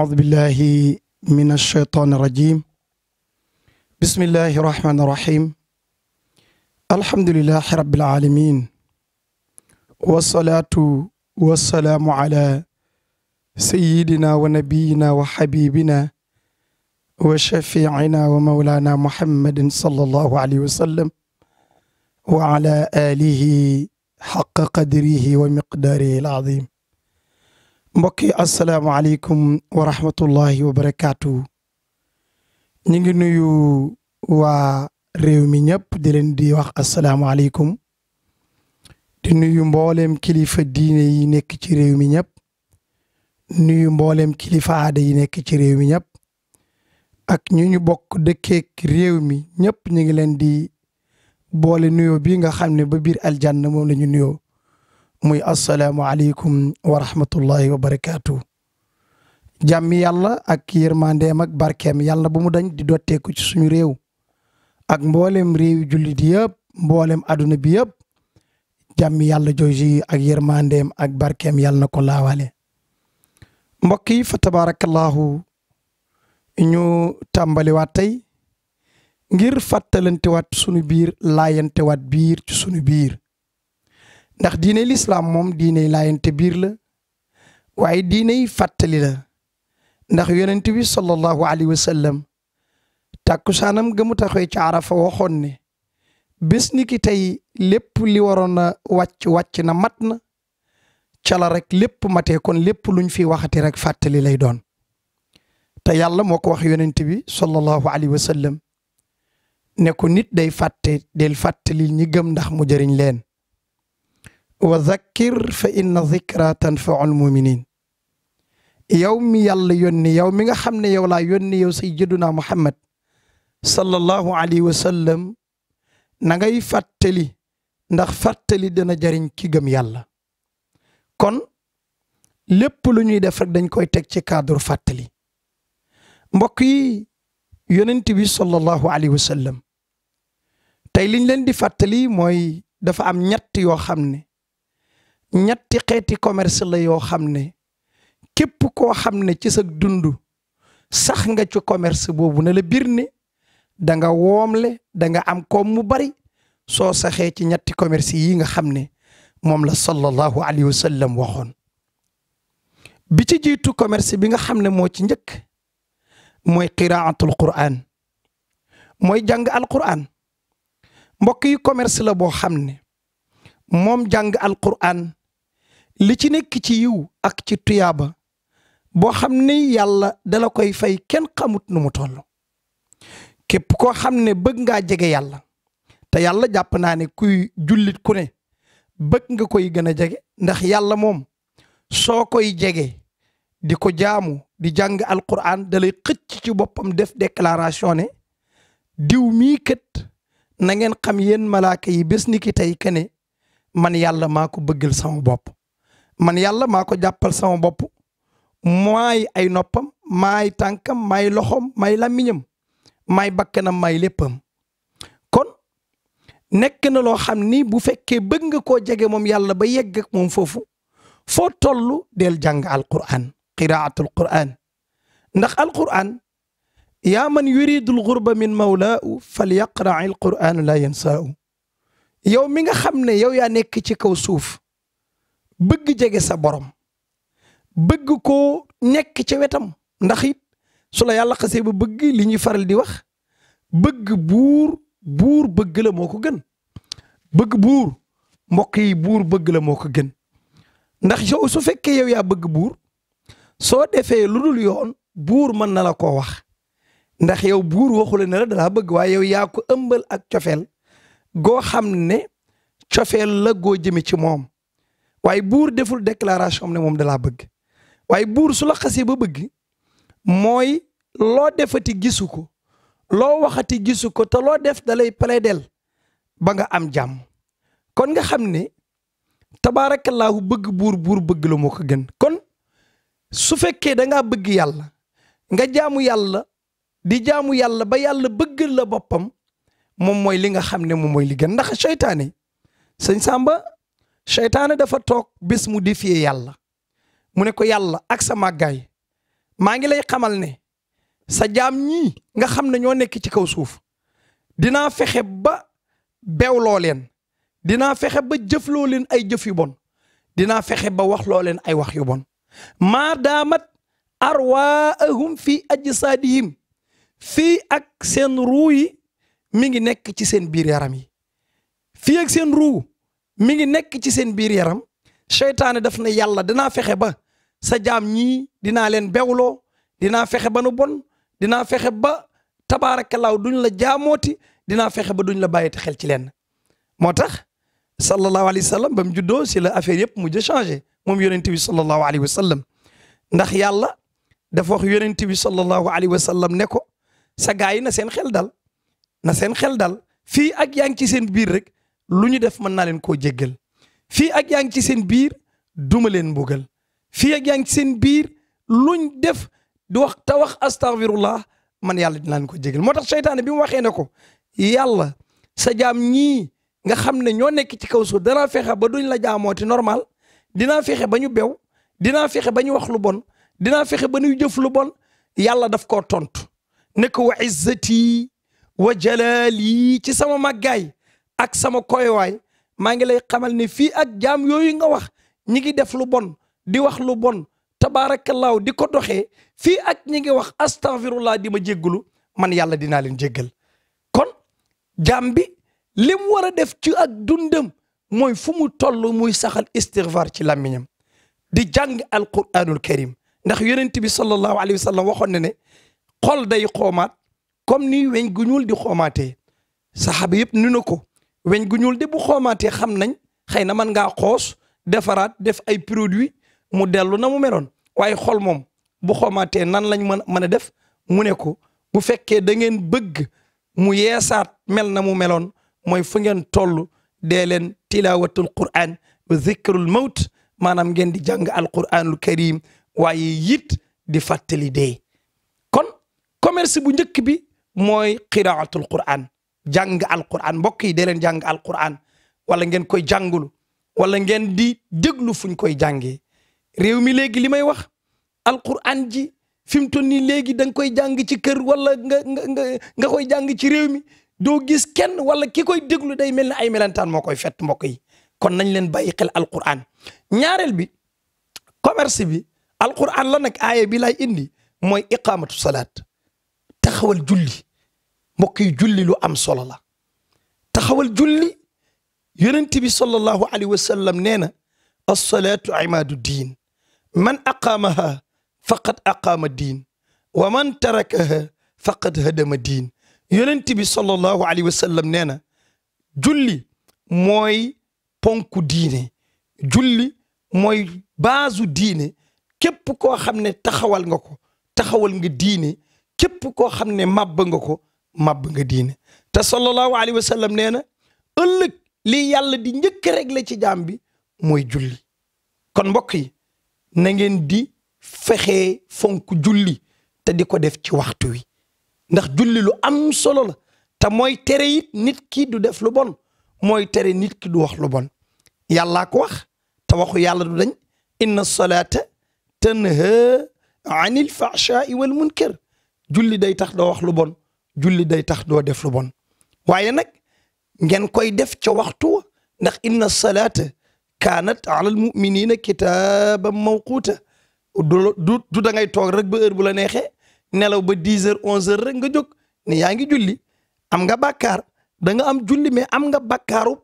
أعوذ بالله من الشيطان الرجيم بسم الله الرحمن الرحيم الحمد لله رب العالمين والصلاة والسلام على سيدنا ونبينا وحبيبنا وشفيعنا ومولانا محمد صلى الله عليه وسلم وعلى آله حق قدره ومقداره العظيم mbokk yi asalaamaaleykum wa rahmatullahi wa barakaatu. ñu ngi nuyu waa réew mi ñëpp di leen di wax asalaamaaleykum. di nuyu mbooleem kilifa diine yi nekk ci réew mi ñëpp. nuyu mbooleem kilifa aada yi nekk ci réew mi ñëpp. ak ñu ñu bokk dëkkeek réew mi ñëpp ñu ngi leen di boole nuyoo bii nga xam ne ba biir aljanna moom la ñu nuyoo. muy asalaamualeykum wa rahmatullahi wa barakaatu. jàmmi yàlla ak yërmandeem ak barkeem yàlla bu mu dañ di dotteeku ci suñu réew ak mboolem réew jullit yëpp mboolem aduna bi yëpp jàmmi yàlla jooju ak yërmandeem ak barkeem yàlla na ko laawale. mbokk yi fa tabaarakallaahu ñu tàmbaliwaat tey ngir fàttalantewaat sunu biir laayantewaat biir ci suñu biir. ndax diine lislaam moom diiney laayante biir la waaye diiney fàttali la ndax yonent bi sallallahu alayhi wa sallam tàkkusaanam ga mu ci arafa waxoon ne bés ni tey lépp li waroon a wàcc wàcc na mat na cala rek lépp mate kon lépp luñ fi waxati rek fàttali lay doon te yàlla moo ko wax yonent bi sallallahu alayhi wa ne ko nit day fàtte del fàttali ñi gëm ndax mu jëriñ leen wa zakkir fa inna zikra tanfaul muminin yow mi yàlla yónni yow mi nga xam ne yow laa yónni yow sayyiduna muhammad sallallahu alayhi wa sallam na ngay fàttali ndax fattali dana jariñ ki gëm yàlla kon lépp lu ñuy def rek dañ koy teg ci cadre fàttali mbokk yi yonent bi sallallahu alayhi wa sallam tey liñ leen di fàttali mooy dafa am ñett yoo xam ne ñetti xeeti commerce la yoo xam ne képp koo xam ne ci sa dund sax nga ci commerce boobu na la bir ne da nga woomle da nga am koom mu bari soo saxee ci ñetti commerce yi nga xam ne moom la sallallahu alayhi wa sallam waxoon bi ci jiitu commerce bi nga xam ne moo ci njëkk mooy qiraatul qur'an mooy jàng alqur'an mbokk yi commerce la boo xam ne moom jàng alqur'an li ci nekk ci yiw ak ci tuyaaba boo xam ne yàlla dala koy fay kenn xamut nu mu toll képp koo xam ne bëgg ngaa jege yàlla te yàlla jàpp naa ne kuy jullit ku ne bëgg nga koy gën a jege ndax yàlla moom soo koy jege di ko jaamu di jàng alquran dalay xëcc ci boppam def declaration ne diw mii kët na xam yen malaaka yi bés ni ki tey kene man yàlla maa ko bëggal sama bopp man yàlla maa ko jàppal sama bopp maay ay noppam maay tànkam maay loxom maay làmmiñam maay bakkanam maay léppam kon nekk na loo xam ni bu fekkee bëgg nga koo jege moom yàlla ba yegg ak moom foofu foo toll del jàng alquran qiraatul quran ndax alquran yaa man yuridul gurba min mawlaau falyaqra alquran la yansaau yow mi nga xam ne yow yaa nekk ci kaw suuf bëgg jege sa borom bëgg koo nekk ca wetam ndax it su la yàlla xasee ba bëgg li ñuy faral di wax bëgg buur buur bëgg la moo ko gën bëgg buur mbokk yi buur bëgg la moo ko gën ndax yow su fekkee yow yaa bëgg buur soo defee lu dul yoon buur mën na la ko wax ndax yow buur waxule ne la dalaa bëgg waaye yow yaa ko ëmbal ak cofeel goo xam ne cofeel la goo jëme ci moom waaye buur deful déclaration am ne moom da laa bëgg waaye buur su la xasee ba bëgg mooy loo defati gisu ko loo waxati gisu ko ta loo def da ple del ba nga am jàmm kon nga xam ne tabaarakallaahu bëgg buur buur bëgg la moo ko gën kon su fekkee da bëgg yàlla nga jaamu yàlla di jaamu yàlla ba yàlla bëgg la boppam moom mooy li nga xam ne moom mooy li gën ndax seytaane sëñ Samba seytaane dafa toog bés mu défier yàlla mu ne ko yàlla ak sa màggaay maa ngi lay xamal ne sa jaam ñi nga xam ne ñoo nekk ci kaw suuf dinaa fexe ba bewloo leen dinaa fexe ba jëfloo leen ay jëf yu bon dinaa fexe ba waxloo leen ay wax yu bon maadaamat arwaahum fii ajsaadihim fii ak seen ruu yi mi ngi nekk ci seen biir yaram yi fii ak seen ruu mi ngi nekk ci seen biir yaram seytaane def na yàlla dinaa fexe ba sa jaam ñii dinaa leen bewloo dinaa fexe ba nu bon dinaa fexe ba tabaarakallaaw duñ la jaamooti dinaa fexe ba duñ la bàyyiti xel ci leen moo tax sallallahu alayhi wa sallam ba mu juddoo si la affaire yëpp mu a changé moom yonent bi sallallahu alayhi wa ndax yàlla dafa wax yonent bi sallallahu alayhi wa sallam ne ko sa gaa yi na seen xel dal na seen xel dal fii ak yaa ngi ci seen biir rek lu ñu def man naa leen koo jéggal fii ak yaa ngi ci seen biir duma leen mbugal fii ak yaa ci seen biir luñ def di wax te wax astaghfirullah man yàlla dinaa leen ko jéggal moo tax seytaane bi mu waxee ne ko yàlla sa jam ñii nga xam ne ñoo nekk ci kaw suuf danaa fexe ba duñ la jaamooti normal dinaa fexe ba ñu bew dinaa fexe ba ñu wax lu bon dinaa fexe ba ñuy jëf lu bon yàlla daf ko tontu ne ko wa izzati wa jalaali ci sama màggaay ak sama koywaay maa ngi lay xamal ne fii ak jaam yooyu nga wax ñi ngi def lu bon di wax lu bon tabaarakallaahu di ko doxee fii ak ñi ngi wax astaghfirullah di ma jéggalu man yàlla dinaa leen jéggal kon jaam bi lim war a def ci ak dundam mooy fu mu toll muy saxal istighfar ci làmmiñam di jàng alquranul karim ndax yonent bi sallallahu alayhi wa sallam waxoon na ne xol day xoomaat comme ni weñ gu ñuul di xoomaatee saxaaba yëpp ni na ko weñ gu ñuul de bu xoomaatee xam nañ xëy na mën ngaa xoos defaraat def ay produit mu dellu na mu meloon waaye xol moom bu xoomaatee nan lañ mën mën a def mu ne ko bu fekkee da ngeen bëgg mu yeesaat mel na mu meloon mooy fu ngeen toll dee leen tilaawatul qur'an wa zikrul mawt maanaam ngeen di jàng alqur'anul karim waaye yit di fàttali dee kon commerce bu njëkk bi mooy qiraatul qur'an jàng alquran mbokk yi dee leen jàng alquran wala ngeen koy jàngulu wala ngeen di déglu fuñ koy jàngee réew mi léegi li may wax alquran ji fi mu toll nii léegi da nga koy jàng ci kër wala nga nga nga koy jàng ci réew mi doo gis kenn wala ki koy déglu day mel ni ay melentaan moo koy fet mbokk yi kon nañ leen bàyyi xel alquran ñaareel bi commerce bi alquran la nag aaya bi lay indi mooy iqamatu salaat taxawal julli mbokk julli lu am solo la taxawal julli yonent bi sallallahu alayhi sallam nee na alsalaatu imaadu diin man aqaamaha faqad aqaama diin wa man tarakaha faqad hadama diin yonent sallallahu alayhi sallam nee na julli mooy ponku diine julli mooy baasu diine képp koo xam ne taxawal nga ko taxawal nga diine képp koo xam ne màbb nga ko màbb nga diine te sallallahu alayhi wa sallam nee na ëllëg lii yàlla di njëkk rek la ci jaam bi mooy julli kon mbokk yi na ngeen di fexee fonk julli te di ko def ci waxtu wi ndax julli lu am solo la te mooy tere it nit ki du def lu bon mooy tere nit ki du wax lu bon yàllaa ko wax te waxu yàlla du dañ inna salaata tanha anil fahshai wal munkar julli day tax doo wax lu bon julli day tax doo def lu bon waaye nag ngeen koy def ca waxtu ndax inna salaata kaanat alal muminina kitaaban mawquuta du du da ngay toog rek ba heure bu la neexee nelaw ba dix heures onze heures rek nga jóg ne yaa ngi julli am nga bàkkaar da nga am julli mais am nga bàkkaaru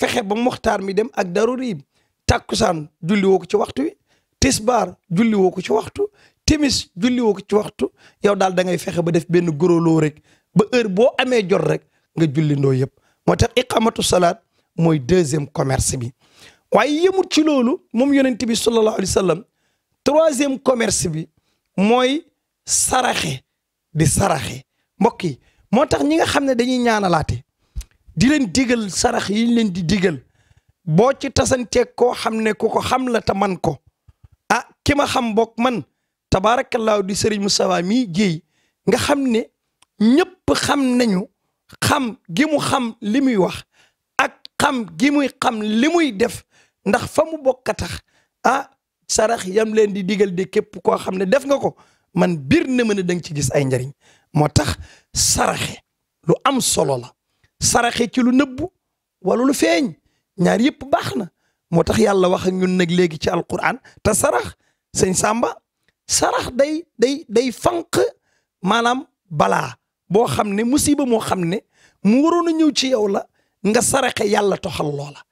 fexe ba moxtaar mi dem ak daruri tàkkusaan julli woo ko ci waxtu wi tisbaar julli woo ko ci waxtu timis julli woo ko ci waxtu yow daal da ngay fexe ba def benn gurolo rek ba heure boo amee jot rek nga jullindoo yëpp moo tax iqamatu salaat mooy deuxième commerce bi waaye yemut ci loolu moom yonent bi sallallahu alayhi wa sallam troisième commerce bi mooy saraxe di saraxe mbokk yi moo tax ñi nga xam ne dañuy ñaanalaate di leen digal sarax yi leen di digal boo ci tasanteeg koo xam ne ko xam la ta man ko ah kima xam bokk man tabaarakallaahu di sëriñ Moustapha mi jéey nga xam ne ñëpp xam nañu xam gi mu xam li muy wax ak xam gi muy xam li muy def ndax fa mu bokk a tax ah sarax yam leen di digal de képp koo xam ne def nga ko man biir na mën a danga ci gis ay njariñ moo tax saraxe lu am solo la saraxe ci lu nëbbu wala lu feeñ ñaar yëpp baax na moo tax yàlla wax ñun nag léegi ci alquran te sarax sëñ Samba sarax day day day fanq maanaam balaa boo xam ne musiba moo xam ne mu waroon a ñëw ci yow la nga saraxe yàlla toxal loola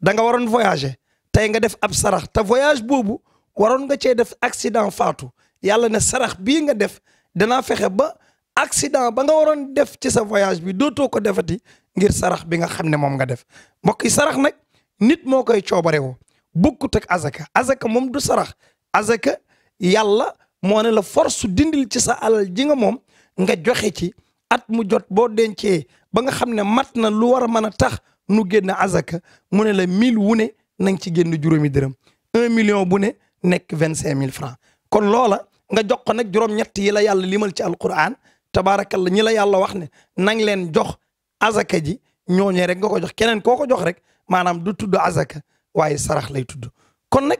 da nga waroon voyager tey nga def ab sarax te voyage boobu waroon nga cee def accident faatu yàlla ne sarax bii nga def danaa fexe ba accident ba nga waroon def ci sa voyage bi dootoo ko defati ngir sarax bi nga xam ne moom nga def mbokk yi sarax nag nit moo koy coobarewoo bukkut teg azaka azaka moom du sarax azaka yàlla moo ne la force dindil ci sa alal ji nga moom nga joxe ci at mu jot boo dencee ba nga xam ne mat na lu war a mën a tax nu génn azaka mu ne la mille wu ne na nga ci génn juróomi dërëm un million bu ne nekk vingt cinq mille francs kon loola nga jox ko nag juróom-ñett yi la yàlla limal ci alquran tabaarakalla ñi la yàlla wax ne nang leen jox azaka ji ñooñee rek nga ko jox keneen koo ko jox rek maanaam du tudd azaka waaye sarax lay tudd kon nag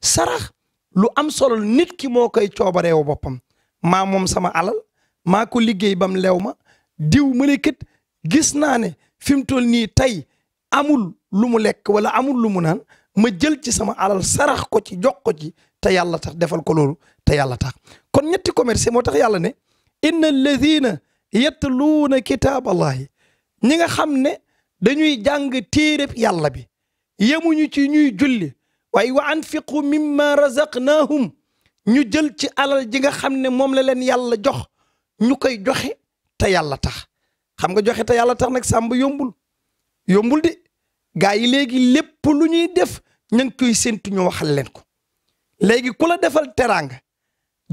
sarax lu am solo nit ki moo koy coobareewu boppam maa moom sama alal maa liggéey bam lew ma diw ma ne kat gis naa ne fi mu toll nii tey amul lu mu lekk wala amul lu mu naan ma jël ci sama alal sarax ko ci jox ko ci te yàlla tax defal ko loolu te yàlla tax kon ñetti commerce moo tax yàlla ne inna alladina yatluuna kitaaballahi ñi nga xam ne dañuy jàng téereb yàlla bi yemuñu ci ñuy julli waaye wa anfiqu mimma razaqnaahum ñu jël ci alal ji nga xam ne moom la leen yàlla jox ñu koy joxe te yàlla tax xam nga joxe te yàlla tax nag sàmba yombul yombul de gaa yi léegi lépp lu ñuy def ña ngi koy séntu ñu waxal leen ko léegi ku la defal teraanga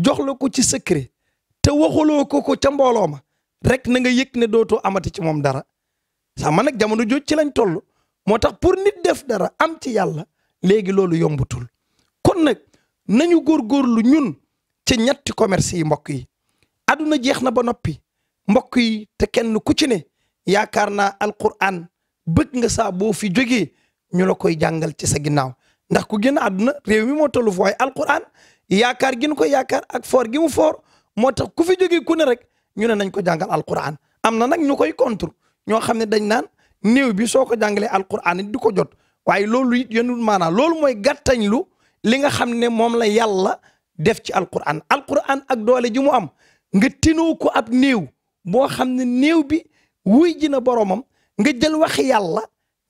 jox la ko ci secret te waxuloo ko ko ca mbooloo ma rek na nga yëg ne dootoo amati ci moom dara sàmba nag jamono jooj ci lañ toll moo tax pour nit def dara am ci yàlla léegi loolu yombutul kon nag nañu góorgóorlu ñun ci ñetti commerce yi mbokk yi aduna jeex na ba noppi mbokk yi te kenn ku ci ne yaakaar naa alquran bëgg nga saa boo fi jógee ñu la koy jàngal ci sa ginnaaw ndax ku génn àdduna réew mi moo tollu fu waaye alquran yaakaar gi ko yaakaar ak foor gi foor moo tax ku fi jógee ku ne rek ñu ne nañ ko jàngal alquran am na nag ñu koy contre ñoo xam ne dañ naan néew bi soo ko jàngalee alquran it du ko jot waaye loolu it yenul maanaam loolu mooy gàttañ lu li nga xam ne moom la yàlla def ci alquran alquran ak doole ji mu am nga tinoo ko ab néew boo xam ne néew bi wuy ji na boromam nga jël wax yàlla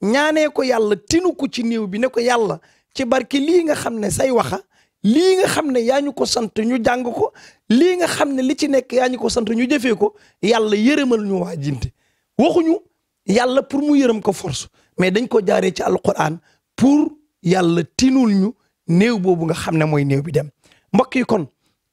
ñaane ko yàlla tinu ko ci néew bi ne ko yàlla ci barke lii nga xam ne say wax lii nga xam ne yaa ñu ko sant ñu jàng ko lii nga xam ne li ci nekk yaa ñu ko sant ñu jëfee ko yàlla yërëmal ñu waa jinte waxuñu yàlla pour mu yërëm ko force mais dañ ko jaaree ci alquran pour yàlla tinul ñu néew boobu nga xam ne mooy néew bi dem mbokk kon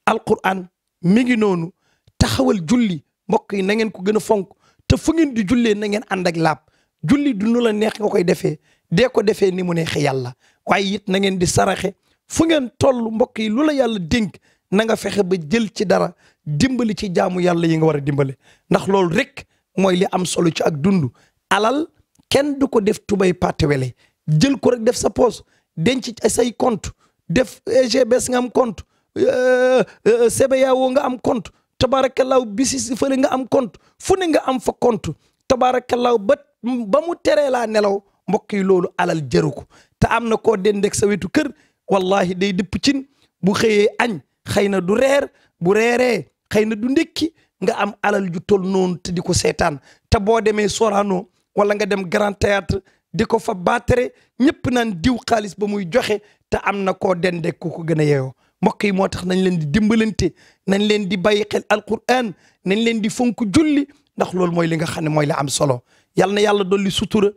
alquran mi ngi noonu taxawal julli mbokk yi na ngeen ko gën a fonk te fu ngeen di jullee na ngeen ànd ak laab julli du nu la neex nga koy defee dee ko defee ni mu neexee yàlla waaye it nangeen di saraxe fu ngeen toll mbokk yi lu la yàlla dénk na nga fexe ba jël ci dara dimbali ci jaamu yàlla yi nga war a dimbale ndax loolu rek mooy li am solo ci ak dund alal kenn du ko def tubay pàttewele jël ko rek def sa poos denc say compte def EGBS nga am compte CBAO eh, eh, nga am compte tabarakallaaw bisis fële nga am compte fu nga am fa compte tabarakallaaw ba mu teree laa nelaw mbokk yi loolu alal jëru ko te am na ko dendeeg sa wetu kër wallahi day dëpp cin bu xëyee añ xëy na du reer bu reeree xëy na du ndékki nga am alal ju tol noonu te di ko seetaan te boo demee Sorano wala nga dem Grand Théâtre di ko fa baatere ñëpp naan diw xaalis ba muy joxe te am na ko dendeeg ku ko gën a yeeyoo mbokk yi moo tax nañ leen di dimbalante nañ leen di bàyyi xel alquran nañ leen di fonk julli ndax loolu mooy li nga xam ne mooy la am solo yal na yàlla dolli sutura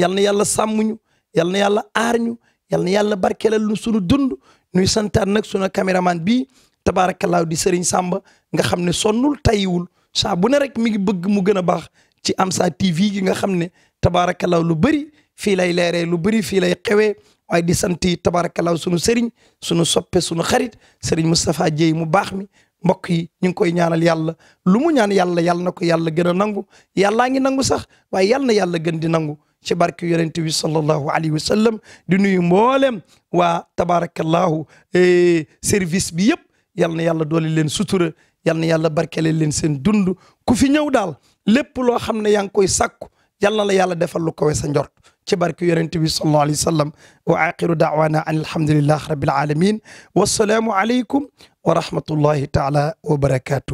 yal na yàlla sàmmuñu yal na yàlla aar ñu yal na yàlla barkeelal nu sunu dund ñuy santaan nag sunu caméraman bii tabaarakallaahu di Serigne Samba nga xam ne sonnul tayiwul saa bu ne rek mi ngi bëgg mu gën a baax ci Amsa TV gi nga xam ne tabaarakallaahu lu bari fii lay leeree lu bari fii lay xewee waaye di sant yi tabaarakallaahu sunu sëriñ sunu soppe sunu xarit sëriñ Moustapha Dieye mu baax mi mbokk yi ñu ngi koy ñaanal yàlla lu mu ñaan yàlla yàlla na ko yàlla gën a nangu yàllaa ngi nangu sax waaye yàlla na yàlla gën di nangu ci barke yonente bi sallallahu alayhi wa sallam di nuyu mboolem waa tabaarakallaahu e, service bi yëpp yalla na yàlla doole leen sutura yàlla na yàlla barkele leen seen dund ku fi ñëw daal lépp loo xam ne yaa ngi koy sàkku yàlla la yàlla defal lu ko sa njort ci barke yonent bi sallallahu alayhi wa sallam wa axiru daawaana an alhamdulilah rabil aalamiin wasalaamu aleykum wa rahmatullahi taala wa barakaatu.